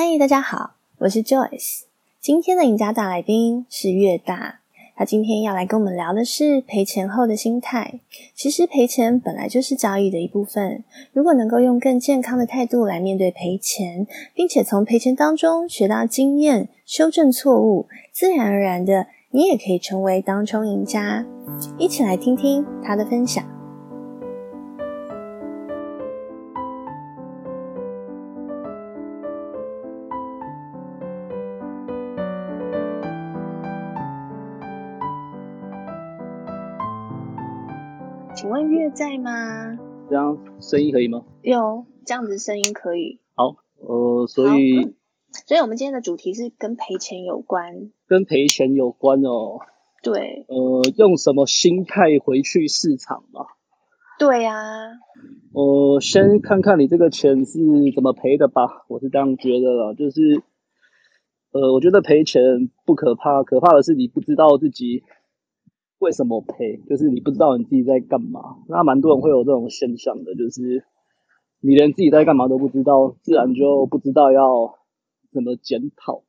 嗨，Hi, 大家好，我是 Joyce。今天的贏家大來賓是越大，他今天要來跟我們聊的是賠錢後的心態。其實賠錢本來就是交易的一部分，如果能夠用更健康的態度來面對賠錢，並且從賠錢當中學到經驗、修正錯誤，自然而然的你也可以成為當沖贏家。一起來聽聽他的分享。月在嗎？這樣聲音可以嗎？有這樣子聲音可以。好，呃，所以，嗯，所以我們今天的主題是跟賠錢有關，跟賠錢有關哦。對。呃，用什麼心態回去市場嘛？對呀，啊。我，呃，先看看你這個錢是怎麼賠的吧。我是這樣覺得了，就是，呃，我覺得賠錢不可怕，可怕的是你不知道自己。為什麼賠？就是你不知道你自己在幹嘛。那蠻多人會有這種現象的，就是你連自己在幹嘛都不知道，自然就不知道要怎麼檢討。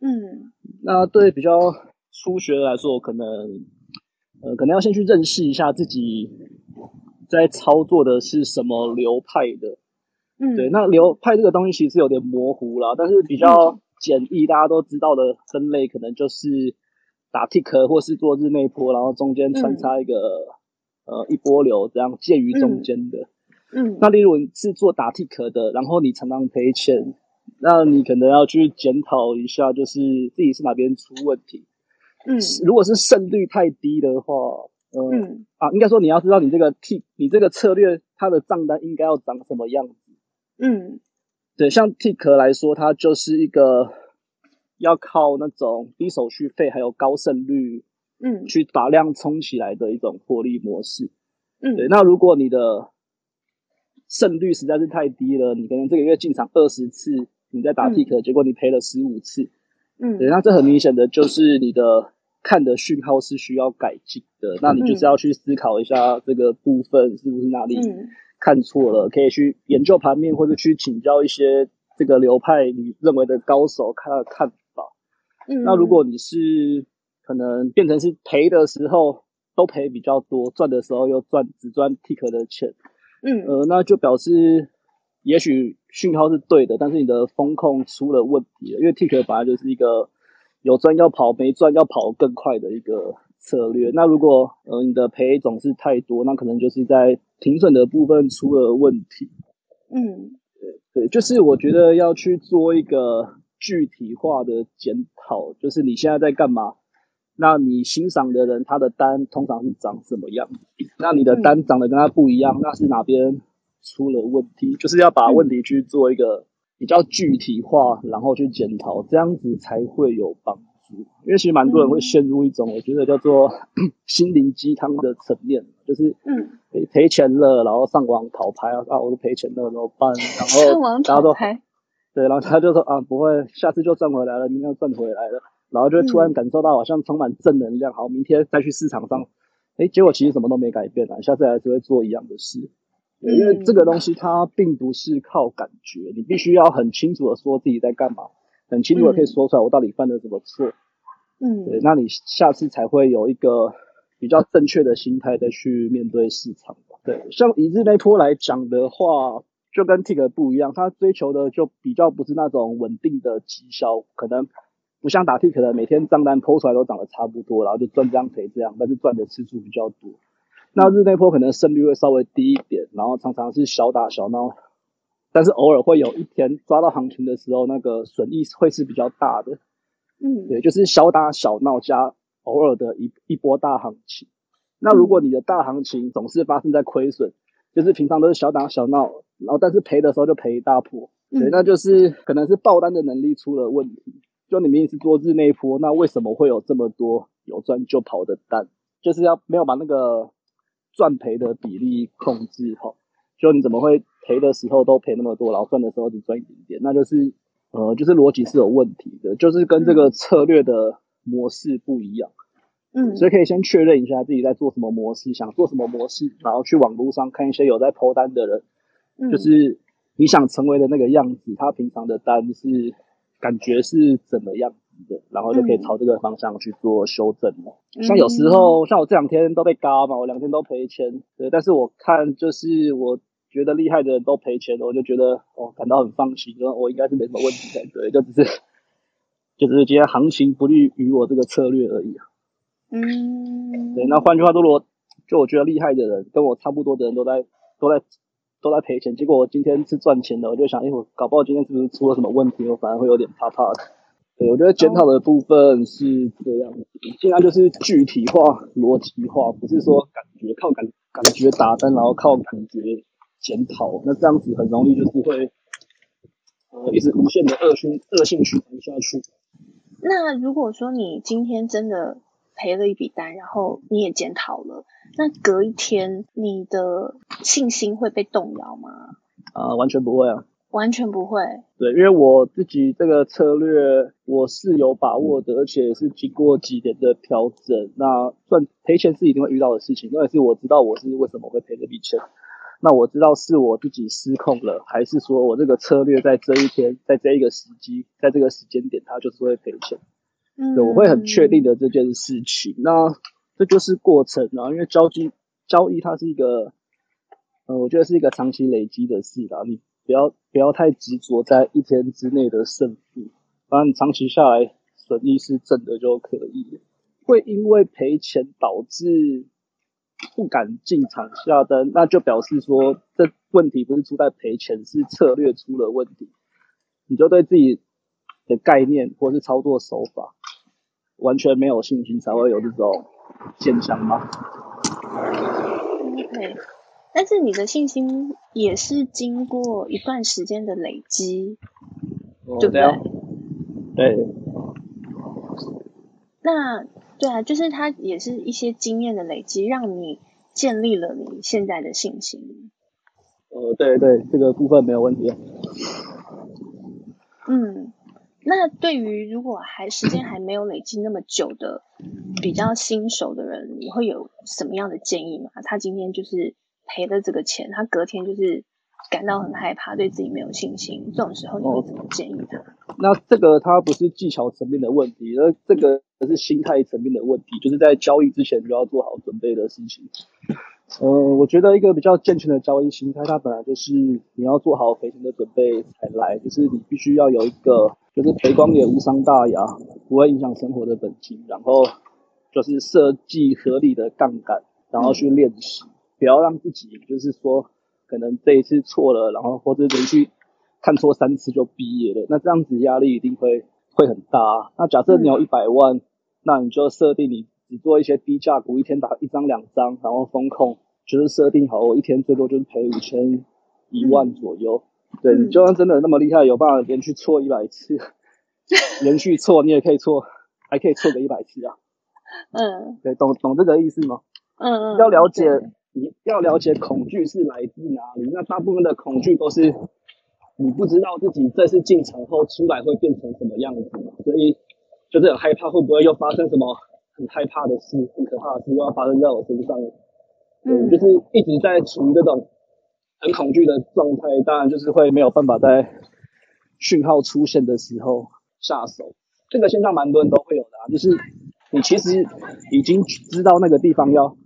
嗯，那對比較初學來說，可能呃，可能要先去認識一下自己在操作的是什麼流派的。嗯，對，那流派這個東西其實有點模糊啦，但是比較簡易，大家都知道的分類，可能就是。打 ticker 或是做日內波，然後中間穿插一個、嗯、呃一波流，這樣介於中間的嗯。嗯，那例如你是做打 ticker 的，然後你常常賠錢，那你可能要去檢討一下，就是自己是哪邊出問題。嗯，如果是勝率太低的話，嗯，嗯啊，應該說你要知道你這個 tick，你這個策略它的賬單應該要長什麼樣子。嗯，對，像 ticker 來說，它就是一個。要靠那種低手續費還有高勝率，嗯，去打量沖起來的一種獲利模式，嗯，對。那如果你的勝率實在是太低了，你可能這個月進場二十次你再打 tick，嗯，你在打 tick，結果你賠了十五次，嗯，對。那這很明顯的就是你的看的訊號是需要改進的，嗯、那你就是要去思考一下這個部分是不是哪裡看錯了，嗯、可以去研究盤面、嗯、或者去請教一些這個流派你認為的高手看看。看那如果你是可能變成是賠的時候都賠比較多，賺的時候又賺只賺 tick 的錢，嗯呃，那就表示也許訊號是對的，但是你的風控出了問題了，因為 tick 本來就是一個有賺要跑，沒賺要跑更快的一個策略。那如果呃你的賠總是太多，那可能就是在停損的部分出了問題。嗯，對，就是我覺得要去做一個。具體化的檢討，就是你現在在幹嘛？那你欣賞的人他的單通常是長什麼樣？那你的單長得跟他不一樣，嗯、那是哪邊出了問題？就是要把問題去做一個比較具體化，嗯、然後去檢討，這樣子才會有幫助。因為其實蠻多人會陷入一種、嗯、我覺得叫做心靈雞湯的層面，就是嗯賠錢了，然後上網討拍啊，我都賠錢了，怎麼辦？然後大家說。對，然後他就說啊，不會，下次就賺回來了，明天就賺回來了。然後就突然感受到好像充滿正能量，嗯、好，明天再去市場上，嗯、誒結果其實什麼都沒改變啊，下次還是會做一樣的事，嗯、因為這個東西它並不是靠感覺，你必須要很清楚的說自己在幹嘛，很清楚的可以說出來我到底犯了什麼錯，嗯，對，那你下次才會有一個比較正確的心態再去面對市場。對，像以日內波來講的話。就跟 tick 不一樣，他追求的就比較不是那種穩定的績效，可能不像打 tick 的每天賬單 PO 出來都漲得差不多，然後就賺這樣賠這樣，但是賺的次數比較多。那日內波可能勝率會稍微低一點，然後常常是小打小鬧，但是偶爾會有一天抓到行情的時候，那個損益會是比較大的。嗯，對，就是小打小鬧加偶爾的一一波大行情。那如果你的大行情總是發生在虧損，就是平常都是小打小鬧。然後，但是賠的時候就賠一大波，對，那就是可能是抱單的能力出了問題。就你明明是做日內波，那為什麼會有這麼多有賺就跑的單？就是要沒有把那個賺賠的比例控制好，就你怎麼會賠的時候都賠那麼多，然後賺的時候只賺一點點？那就是呃，就是邏輯是有問題的，就是跟這個策略的模式不一樣。嗯，所以可以先確認一下自己在做什麼模式，想做什麼模式，然後去網絡上看一些有在 po 單的人。就是你想成為的那個樣子，嗯、他平常的單是感覺是怎麼樣子的，然後就可以朝這個方向去做修正了。嗯、像有時候，像我這兩天都被嘎嘛，我兩天都賠錢，對。但是我看就是我覺得厲害的人都賠錢，我就覺得哦，感到很放心，就是、我應該是沒什麼問題，對，就只是就只是今天行情不利於我這個策略而已、啊。嗯，對。那換句話說，如果就我覺得厲害的人跟我差不多的人都在都在。都在賠錢，結果我今天是賺錢的，我就想，哎、欸，我搞不好今天是不是出了什麼問題？我反而會有點怕怕的。對，我覺得檢討的部分是這樣子，現在就是具體化、邏輯化，不是說感覺靠感感覺打單，然後靠感覺檢討，那這樣子很容易就是會呃一直無限的惡性惡性循環下去。那如果說你今天真的，賠了一筆單，然後你也檢討了，那隔一天你的信心會被動搖嗎？啊、呃，完全不會啊，完全不會。對，因為我自己這個策略我是有把握的，而且也是經過幾年的調整。嗯、那賺賠錢是一定會遇到的事情，因為是我知道我是為什麼會賠這筆錢。那我知道是我自己失控了，還是說我這個策略在這一天，在這一個時機，在這個時間點，它就是會賠錢。我會很確定的這件事情，那這就是過程啊，然後因為交易交易它是一個，呃、嗯，我覺得是一個長期累積的事啦、啊，你不要不要太執着在一天之內的勝負，反正你長期下來，損益是正的就可以。會因為賠錢導致不敢進場下單，那就表示說這問題不是出在賠錢，是策略出了問題，你就對自己的概念或是操作手法。完全沒有信心才會有這種現象嗎？對，但是你的信心也是經過一段時間的累積，嗯、就不對？對。那對啊，就是它也是一些經驗的累積，讓你建立了你現在的信心。呃、嗯，對對，這個部分沒有問題。嗯。那對於如果還時間還沒有累積那麼久的比較新手的人，你會有什麼樣的建議嗎？他今天就是賠了這個錢，他隔天就是感到很害怕，對自己沒有信心，這種時候你會怎麼建議他？哦，那這個他不是技巧層面的問題，而這個而是心態層面的問題，就是在交易之前就要做好準備的事情。呃，我覺得一個比較健全的交易心態，它本來就是你要做好賠錢的準備才來，就是你必須要有一個，就是賠光也無傷大雅，不會影響生活的本金，然後就是設計合理的槓桿，然後去練習，不要、嗯、讓自己就是說可能這一次錯了，然後或者連續看錯三次就畢業了，那這樣子壓力一定會會很大。那假設你有一百萬，嗯、那你就設定你。只做一些低價股，一天打一張兩張，然後風控就是設定好，我一天最多就是賠五千一萬左右。嗯、對，你就算真的那麼厲害，有辦法連續錯一百次，嗯、連續錯你也可以錯，還可以錯個一百次啊。嗯，對，懂懂這個意思嗎？嗯嗯。嗯，要了解對你要了解恐懼是來自哪裡，那大部分的恐懼都是你不知道自己這次進場後出來會變成什麼樣子，所以就是很害怕會不會又發生什麼。很害怕的事，很可怕的事又要發生在我身上，嗯，就是一直在處於這種很恐懼的狀態，當然就是會沒有辦法在訊號出現的時候下手。這個現象蠻多人都會有的、啊，就是你其實已經知道那個地方要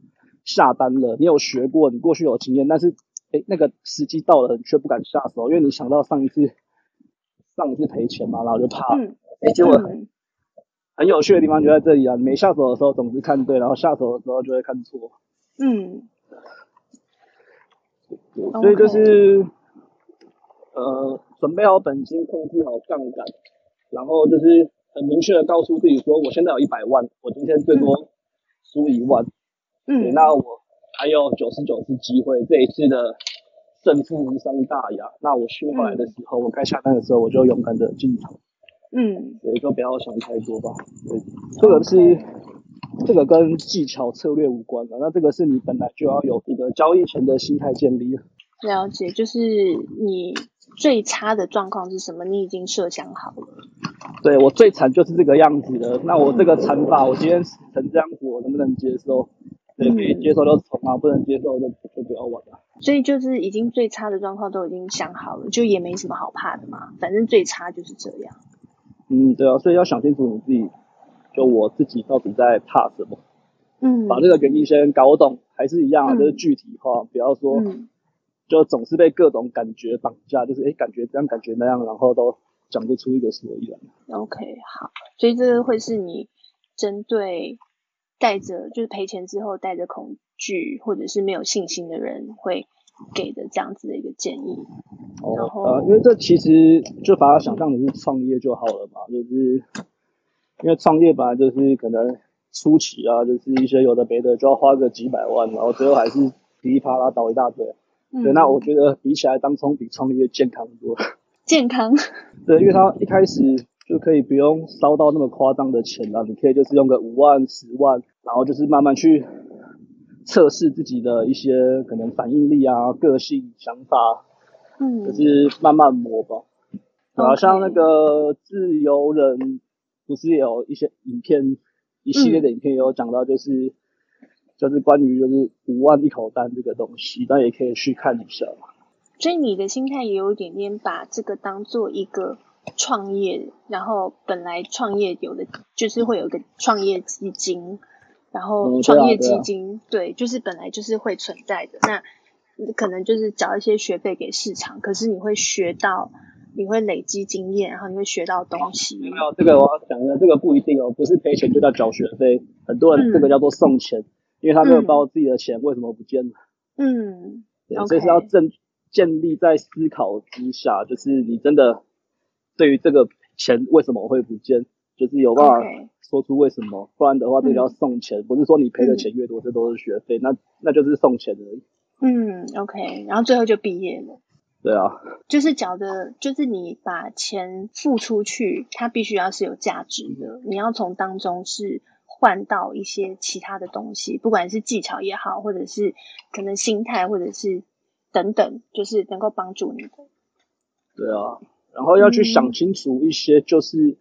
下單了，你有學過，你過去有經驗，但是誒、欸、那個時機到了，你卻不敢下手，因為你想到上一次上一次賠錢嘛，然後我就怕，誒、嗯嗯欸、結果很有趣的地方就在這裡啊！你沒下手的時候總是看對，然後下手的時候就會看錯。嗯，所以就是 Okay. 呃，準備好本金，控制好槓桿，然後就是很明確的告訴自己說，我現在有一百萬，我今天最多輸一萬。嗯，那我還有九十九次機會，這一次的勝負無傷大雅。那我輸回來的時候，嗯、我該下單的時候，我就勇敢的進場。嗯，所以就不要想太多吧。對，這個是這個跟技巧策略無關的。那這個是你本來就要有一個交易前的心態建立。了解，就是你最差的狀況是什麼，你已經設想好了。對，我最慘就是這個樣子的，那我這個慘吧，嗯、我今天成這樣子，我能不能接受？對，嗯、可以接受就衝啊，不能接受就就不要玩了。所以就是已經最差的狀況都已經想好了，就也沒什麼好怕的嘛。反正最差就是這樣。嗯，對啊，所以要想清楚你自己，就我自己到底在怕什麼？嗯，把這個跟醫生搞懂，還是一樣、啊，嗯、就是具體化，不要說，就總是被各種感覺綁架，就是哎，感覺這樣，感覺那樣，然後都講不出一個所以然。OK，好，所以這個會是你針對帶着就是賠錢之後帶着恐懼或者是沒有信心的人會給的這樣子的一個建議，好然後、啊、因為這其實就把它想象成是創業就好了嘛，就是因為創業本來就是可能初期啊，就是一些有的沒的就要花個幾百萬，然後最後還是噼裡啪啦倒一大堆。嗯、對那我覺得比起來，當沖比創業健康很多。健康？對，因為他一開始就可以不用燒到那麼誇張的錢啦、啊，你可以就是用個五萬、十萬，然後就是慢慢去。測試自己的一些可能反應力啊，個性想法，嗯，就是慢慢磨吧。好、嗯、像那個自由人，不 Okay. 是有一些影片，一系列的影片有講到，就是、嗯、就是關於就是五萬一口單這個東西，那也可以去看一下嘛。所以你的心態也有一點點把這個當做一個創業，然後本來創業有的就是會有一個創業基金。然後創業基金，嗯對，啊對，啊、對，就是本來就是會存在的。那你可能就是繳一些學費給市場，可是你會學到，你會累積經驗，然後你會學到東西。沒有、嗯、這個，我要講一下，這個不一定哦，不是賠錢就叫繳學費。很多人這個叫做送錢，嗯、因為他沒有包自己的錢為什麼不見了？嗯，也 Okay. 所以是要正建立在思考之下，就是你真的對於這個錢為什麼會不見？就是有辦法說出為什麼，不 Okay. 然的話這要送錢。嗯、不是說你賠的錢越多，這都是學費，嗯、那那就是送錢而已。嗯，OK，然後最後就畢業了。對啊，就是覺得，就是你把錢付出去，它必須要是有價值的。嗯、哼你要從當中是換到一些其他的東西，不管是技巧也好，或者是可能心態，或者是等等，就是能夠幫助你的。對啊，然後要去想清楚一些，就是。嗯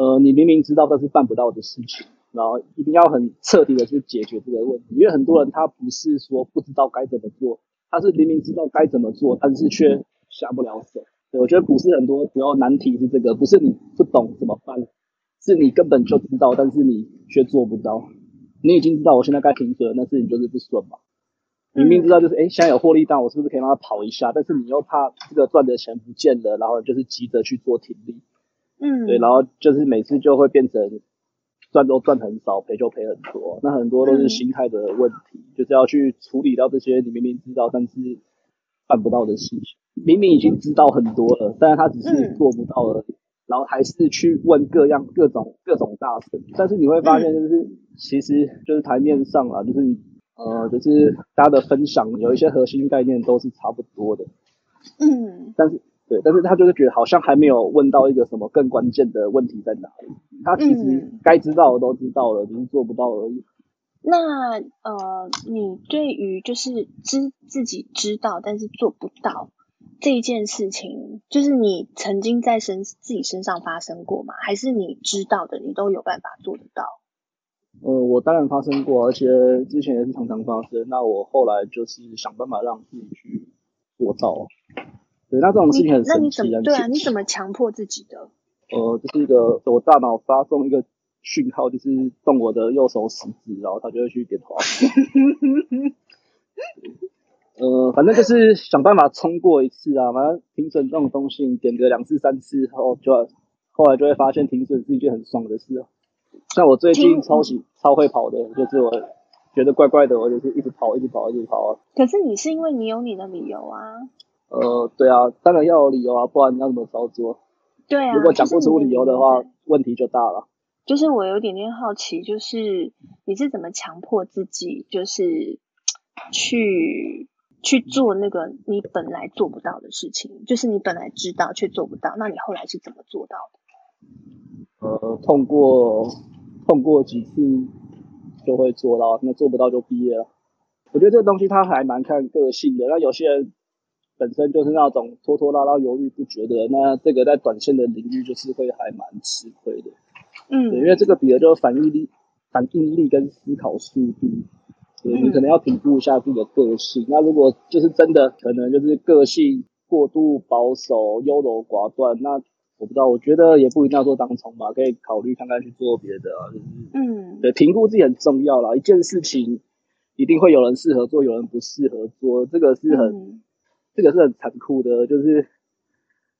呃，你明明知道但是辦不到的事情，然後一定要很徹底的去解決這個問題。因為很多人他不是說不知道該怎麼做，他是明明知道該怎麼做，但是卻下不了手。我覺得股市很多主要難題是這個，不是你不懂怎麼辦，是你根本就知道，但是你卻做不到。你已經知道我現在該停損了，但是你就是不損嘛。明明知道就是哎，現在有獲利單，我是不是可以讓它跑一下？但是你又怕這個賺的錢不見了，然後就是急着去做停利。嗯，對，然後就是每次就會變成賺都賺很少，賠就賠很多，那很多都是心態的問題，嗯、就是要去處理到這些你明明知道但是辦不到的事情，明明已經知道很多了，但是他只是做不到了，嗯、然後還是去問各樣各種各種大神，但是你會發現就是、嗯、其實就是台面上啊，就是呃，就是大家的分享有一些核心概念都是差不多的，嗯，但是。對，但是他就是覺得好像還沒有問到一個什麼更關鍵的問題在哪裡。他其實該知道的都知道了，嗯，只是做不到而已。那呃，你對於就是知自己知道但是做不到這一件事情，就是你曾經在身自己身上發生過嗎？還是你知道的，你都有辦法做得到？呃，我當然發生過，而且之前也是常常發生。那我後來就是想辦法讓自己去做到。對，那這種事情很神奇那，對啊，你怎麼強迫自己的？呃，這是一個我大腦發送一個訊號，就是動我的右手食指，然後它就會去點跑、 嗯。呃，反正就是想辦法衝過一次啊，反正停損這種東西，點個兩次三次後，就後來就會發現停損是一件很爽的事啊。像我最近超級你超會跑的，就是我覺得怪怪的，我就是一直跑，一直跑，一直跑啊。可是你是因為你有你的理由啊。呃，對啊，當然要有理由啊，不然你要怎麼操作？對啊，如果講不出理由的話，問題就大了。就是我有點點好奇，就是你是怎麼強迫自己，就是去去做那個你本來做不到的事情，就是你本來知道卻做不到，那你後來是怎麼做到的？呃，痛過痛過幾次就會做到，那做不到就畢業了。我覺得這個東西它還蠻看個性的，那有些人。本身就是那種拖拖拉拉、猶豫不決的，那這個在短線的領域就是會還蠻吃虧的。嗯，對，因為這個比的就是反應力、反應力跟思考速度，對，你可能要評估一下自己的個性。嗯，那如果就是真的，可能就是個性過度保守、優柔寡斷，那我不知道，我覺得也不一定要說當沖吧，可以考慮看看去做別的啊，嗯，對，評估自己很重要啦，一件事情一定會有人適合做，有人不適合做，這個是很。嗯這個是很殘酷的，就是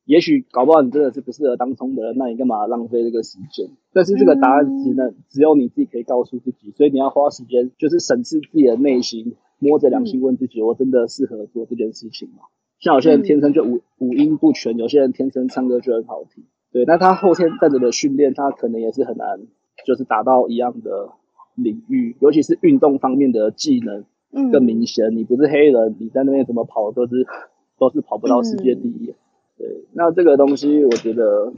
也許搞不好你真的是不適合當沖的，那你幹嘛浪費這個時間？但是這個答案只能、嗯、只有你自己可以告訴自己，所以你要花時間，就是審視自己的內心，摸着良心問自己，嗯、我真的適合做這件事情嗎？像有些人天生就五、嗯、五音不全，有些人天生唱歌就很好聽，對，那他後天再怎樣的訓練，他可能也是很難，就是達到一樣的領域，尤其是運動方面的技能。更明顯，你不是黑人，你在那邊怎麼跑都是都是跑不到世界第一。嗯、對，那這個東西我覺得，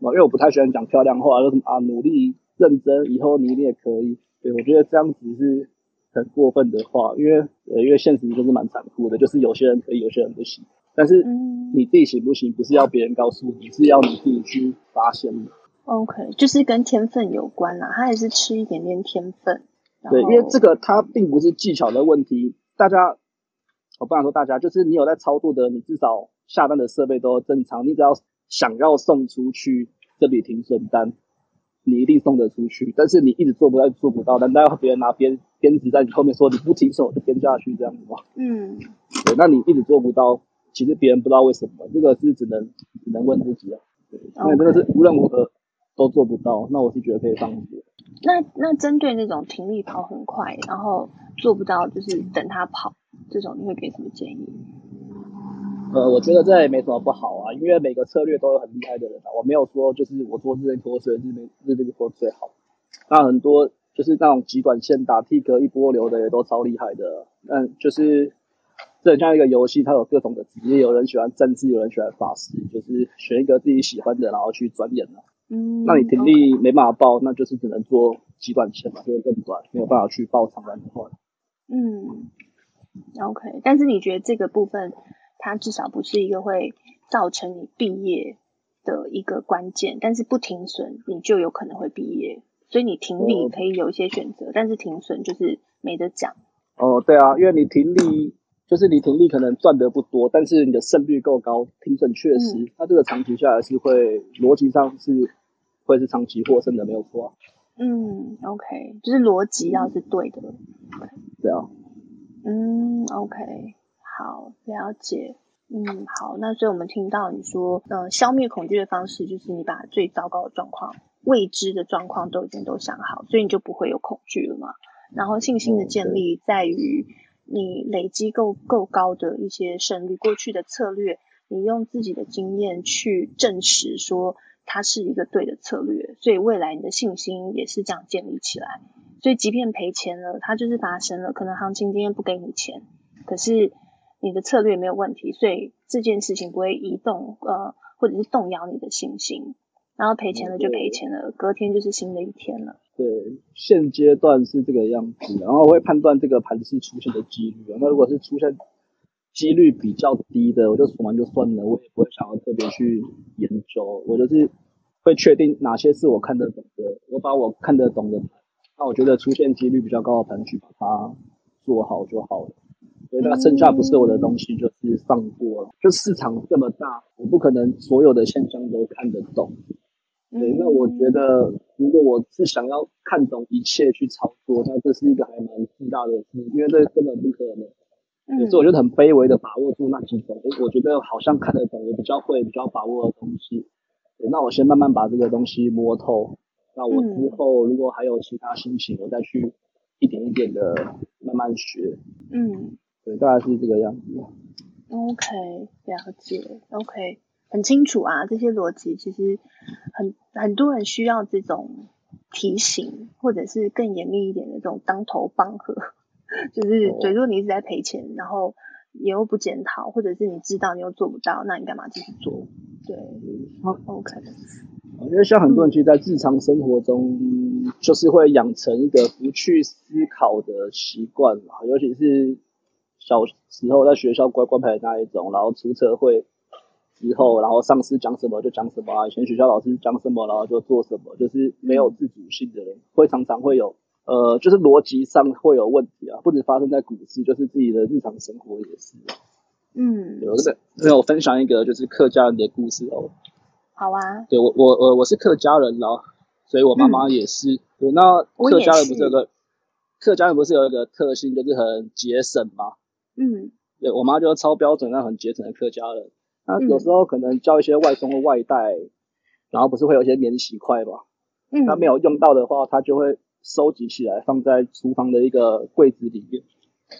因為我不太喜歡講漂亮話，說什麼啊努力認真，以後你一定也可以。對，我覺得這樣子是很過分的話，因為因為現實就是蠻殘酷的，就是有些人可以，有些人不行。但是你自己行不行，不是要別人告訴你，是要你自己去發現的。OK，就是跟天分有關啦，他也是吃一點點天分。對，因為這個它並不是技巧的問題，大家，我不想說大家，就是你有在操作的，你至少下單的設備都正常，你只要想要送出去這筆停損單，你一定送得出去。但是你一直做不到，做不到，難道要別人拿鞭鞭子在你後面說你不停手，就鞭下去這樣子嘛。嗯，對，那你一直做不到，其實別人不知道為什麼，這個是只能只能問自己了，對。因為真的是無論如何都做不到，那我是覺得可以放棄。那那針對那種停利跑很快，然後做不到就是等他跑這種，你會給什麼建議？呃，我覺得這也沒什麼不好啊，因為每個策略都有很厲害的人啊，我沒有說就是我做這件國粹這沒這個國最好，那很多就是那種極短線打 T 哥一波流的也都超厲害的，嗯，就是這很像一個遊戲，它有各種的職業，有人喜歡戰士，有人喜歡法師，就是選一個自己喜歡的，然後去鑽研了。嗯，那你停利沒辦法報，那就是只能做極短線嘛，就、嗯、更短，沒有辦法去報長單的話。嗯，OK，但是你覺得這個部分，它至少不是一個會造成你畢業的一個關鍵，但是不停損，你就有可能會畢業。所以你停利可以有一些選擇，呃、但是停損就是沒得講。哦、呃，對啊，因為你停利就是你停利可能賺的不多，但是你的勝率夠高，停損確實，它、嗯、這個長期下來是會邏輯上是。會是長期獲勝的，沒有錯、啊。嗯，OK，就是邏輯要是對的。對啊、嗯。嗯，OK，好了解。嗯，好，那所以我們聽到你說，嗯、呃，消滅恐懼的方式就是你把最糟糕的狀況、未知的狀況都已經都想好，所以你就不會有恐懼了嘛。然後信心的建立在於你累積夠夠高的一些勝率過去的策略，你用自己的經驗去證實說。它是一個對的策略，所以未來你的信心也是這樣建立起來。所以，即便賠錢了，它就是發生了。可能行情今天不給你錢，可是你的策略沒有問題，所以這件事情不會移動，呃，或者是動搖你的信心。然後賠錢了就賠錢了，對隔天就是新的一天了。對，現階段是這個樣子，然後會判斷這個盤勢出現的幾率。那如果是出現。幾率比較低的，我就數完就算了，我也不會想要特別去研究。我就是會確定哪些是我看得懂的，我把我看得懂的盤，那我覺得出現幾率比較高的盤去把它做好就好了。所以那剩下不是我的東西，mm hmm. 就是放過了。就市場這麼大，我不可能所有的現象都看得懂。對，那我覺得如果我是想要看懂一切去操作，那這是一個還蠻巨大的事，因為這根本不可能。其實我就很卑微的把握住那幾種，哎，我覺得好像看得懂，也比較會比較把握的東西。那我先慢慢把這個東西摸透。那我之後如果還有其他心情，嗯、我再去一點一點的慢慢學。嗯，對，大概是這個樣子、嗯。OK，了解。OK，很清楚啊，這些邏輯其實很很多人需要這種提醒，或者是更嚴密一點的這種當頭棒喝。就是，對，比如說你一直在賠錢，oh. 然後你又不檢討，或者是你知道你又做不到，那你幹嘛繼續做？做對，好、oh.，OK。因為像很多人其實，在日常生活中，就是會養成一個不去思考的習慣嘛，尤其是小時候在學校乖乖牌的那一種，然後出社會之後，嗯、然後上司講什麼就講什麼，以前學校老師講什麼，然後就做什麼，就是沒有自主性的人，嗯、會常常會有。呃，就是邏輯上會有問題啊，不止發生在股市，就是自己的日常生活也是，啊。嗯，有是，那我分享一個就是客家人的故事哦，喔。好啊。對我，我，我我是客家人然後。所以我媽媽也是。嗯、對，那客家人不是有個是客家人不是有一個特性，就是很節省嘛。嗯。對我媽就是超標準，那很節省的客家人。她有時候可能叫一些外送的外帶，然後不是會有一些免洗筷嘛？嗯。她沒有用到的話，她就會。收集起來放在廚房的一個櫃子裡面。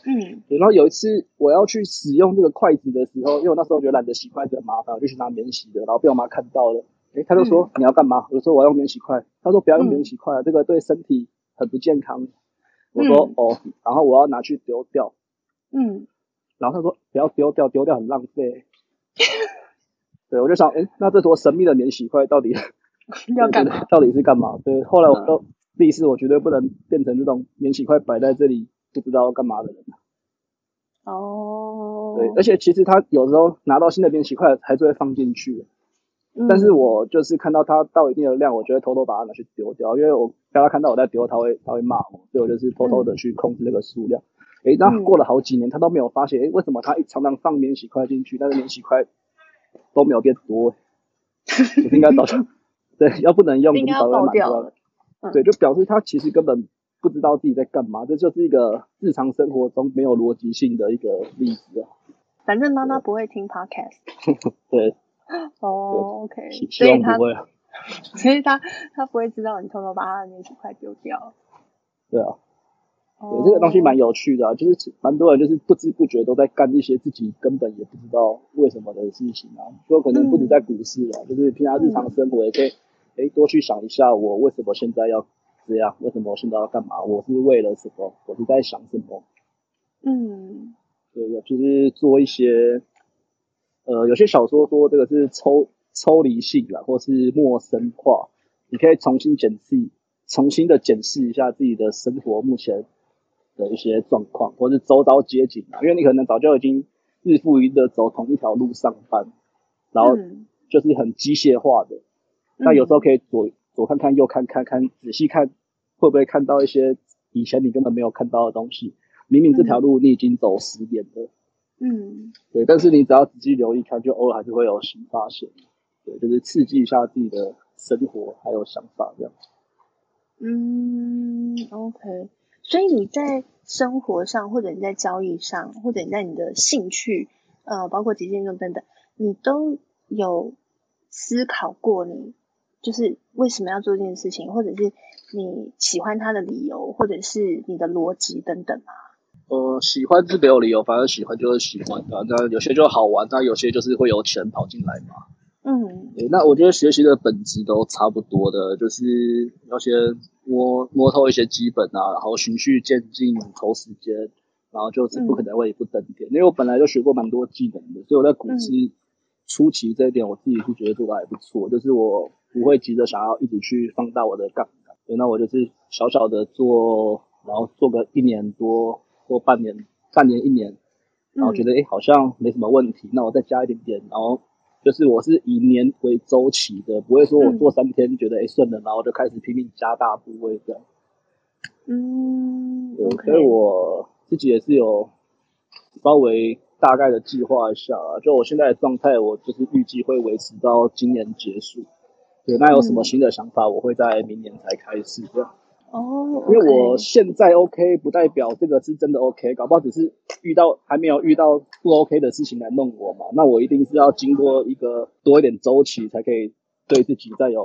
嗯，然後有一次我要去使用這個筷子的時候，因為我那時候覺得懶得洗筷子很麻煩，我就去拿免洗的。然後被我媽看到了，她就說、嗯、你要幹嘛？我就說我要用免洗筷。她說不要用免洗筷，嗯、這個對身體很不健康。我說、嗯、哦，然後我要拿去丟掉。嗯，然後她說不要丟掉，丟掉很浪費。 對，我就想，誒，那這坨神秘的免洗筷到底要幹嘛，到底是幹嘛？對，後來我都。嗯第四，我絕對不能變成這種免洗筷擺在這裡不知道幹嘛的人。哦。Oh. 對，而且其實他有時候拿到新的免洗筷還是會放進去，嗯、但是我就是看到他到一定的量，我就會偷偷把它拿去丟掉，因為我怕他看到我在丟，他會他會罵我，所以我就是偷偷的去控制那個數量。嗯、誒，那過了好幾年，他都沒有發現，誒，為什麼他一常常放免洗筷進去，但是免洗筷都沒有變多？ 應該早就對，要不能用，早就買應該爆掉。嗯、對，就表示他其實根本不知道自己在幹嘛，這就，就是一個日常生活中沒有邏輯性的一個例子啊。反正媽媽不會聽 podcast， 對。哦、oh，OK，所以他所以他他不會知道你偷偷把他的那幾塊丟掉了。對啊，oh，對，這個東西蠻有趣的啊，就是蠻多人就是不知不覺都在幹一些自己根本也不知道為什麼的事情啊。說可能不止在股市了，啊，嗯、就是平常日常生活也可以。嗯誒，多去想一下，我為什麼現在要這樣？為什麼我現在要幹嘛？我是為了什麼？我是在想什麼？嗯，對的，就是做一些，呃，有些小說說這個是抽抽離性啦、啊，或是陌生化。你可以重新檢視，重新的檢視一下自己的生活，目前的一些狀況，或是周遭街景啊。因為你可能早就已經日復一日的走同一條路上班，然後就是很機械化的。嗯那有時候可以左左看看，右看看，看仔細看，會不會看到一些以前你根本沒有看到的東西？明明這條路你已經走十年了，嗯，嗯對。但是你只要仔細留意看，就偶爾還是會有新發現。對，就是刺激一下自己的生活還有想法這樣。嗯，OK。所以你在生活上，或者你在交易上，或者你在你的興趣，呃，包括極限運動等等，你都有思考過你。就是為什麼要做這件事情，或者是你喜歡它的理由，或者是你的邏輯等等嗎？呃，喜歡是沒有理由，反正喜歡就是喜歡啊。當然有些就好玩，但有些就是會有錢跑進來嘛。嗯，那我覺得學習的本質都差不多的，就是要先摸摸透一些基本啊，然後循序漸進，投時間，然後就是不可能會一步登天，嗯、因為我本來就學過蠻多技能的，所以我在股市、嗯、初期這一點我自己是覺得做得還不錯，就是我。不會急着想要一直去放大我的槓桿，所以那我就是小小的做，然後做個一年多，或半年，半年一年，然後覺得、嗯、誒，好像沒什麼問題，那我再加一點點，然後就是我是以年為周期的，不會說我做三天覺得、嗯、誒順了，然後就開始拼命加大部位這樣。嗯對，OK，所以我自己也是有稍微大概的計劃一下，就我現在的狀態，我就是預計會維持到今年結束。對，那有什麼新的想法？嗯、我會在明年才開始的哦。Okay，因為我現在 OK，不代表這個是真的 OK，搞不好只是遇到還沒有遇到不 OK 的事情來弄我嘛。那我一定是要經過一個多一點週期，才可以對自己再有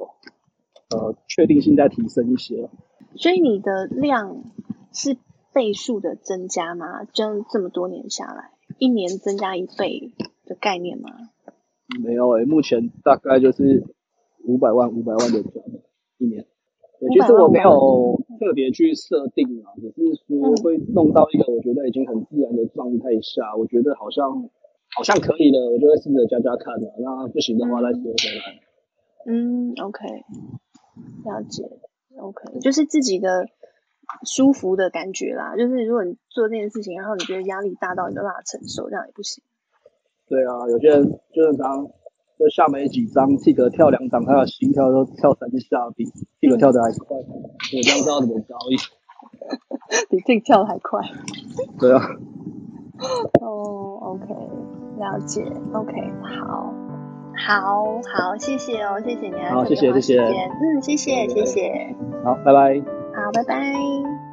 呃確定性再提升一些了。所以你的量是倍數的增加嗎？增這麼多年下來，一年增加一倍的概念嗎？沒有誒、欸，目前大概就是。五百萬，五百萬的賺一年，萬對，其實我沒有特別去設定啊，只、嗯、是說會弄到一個我覺得已經很自然的狀態下，嗯、我覺得好像好像可以了，我就會試着加加看嘛、啊，那不行的話、嗯、再縮回來。嗯，OK，了解，OK，就是自己的舒服的感覺啦，就是如果你做這件事情，然後你覺得壓力大到你無法承受，這樣也不行。對啊，有些人就是當。就下沒幾張，氣哥跳兩張他的心跳都跳三四下比，嗯、氣哥跳的還快，我都不知道怎麼高一些，這個 跳得還快，對啊。哦、oh,，OK，了解，OK，好，好，好，好，謝謝哦，謝謝你啊，好謝謝，謝謝，嗯，謝謝，拜拜謝謝，好，拜拜，好，拜拜。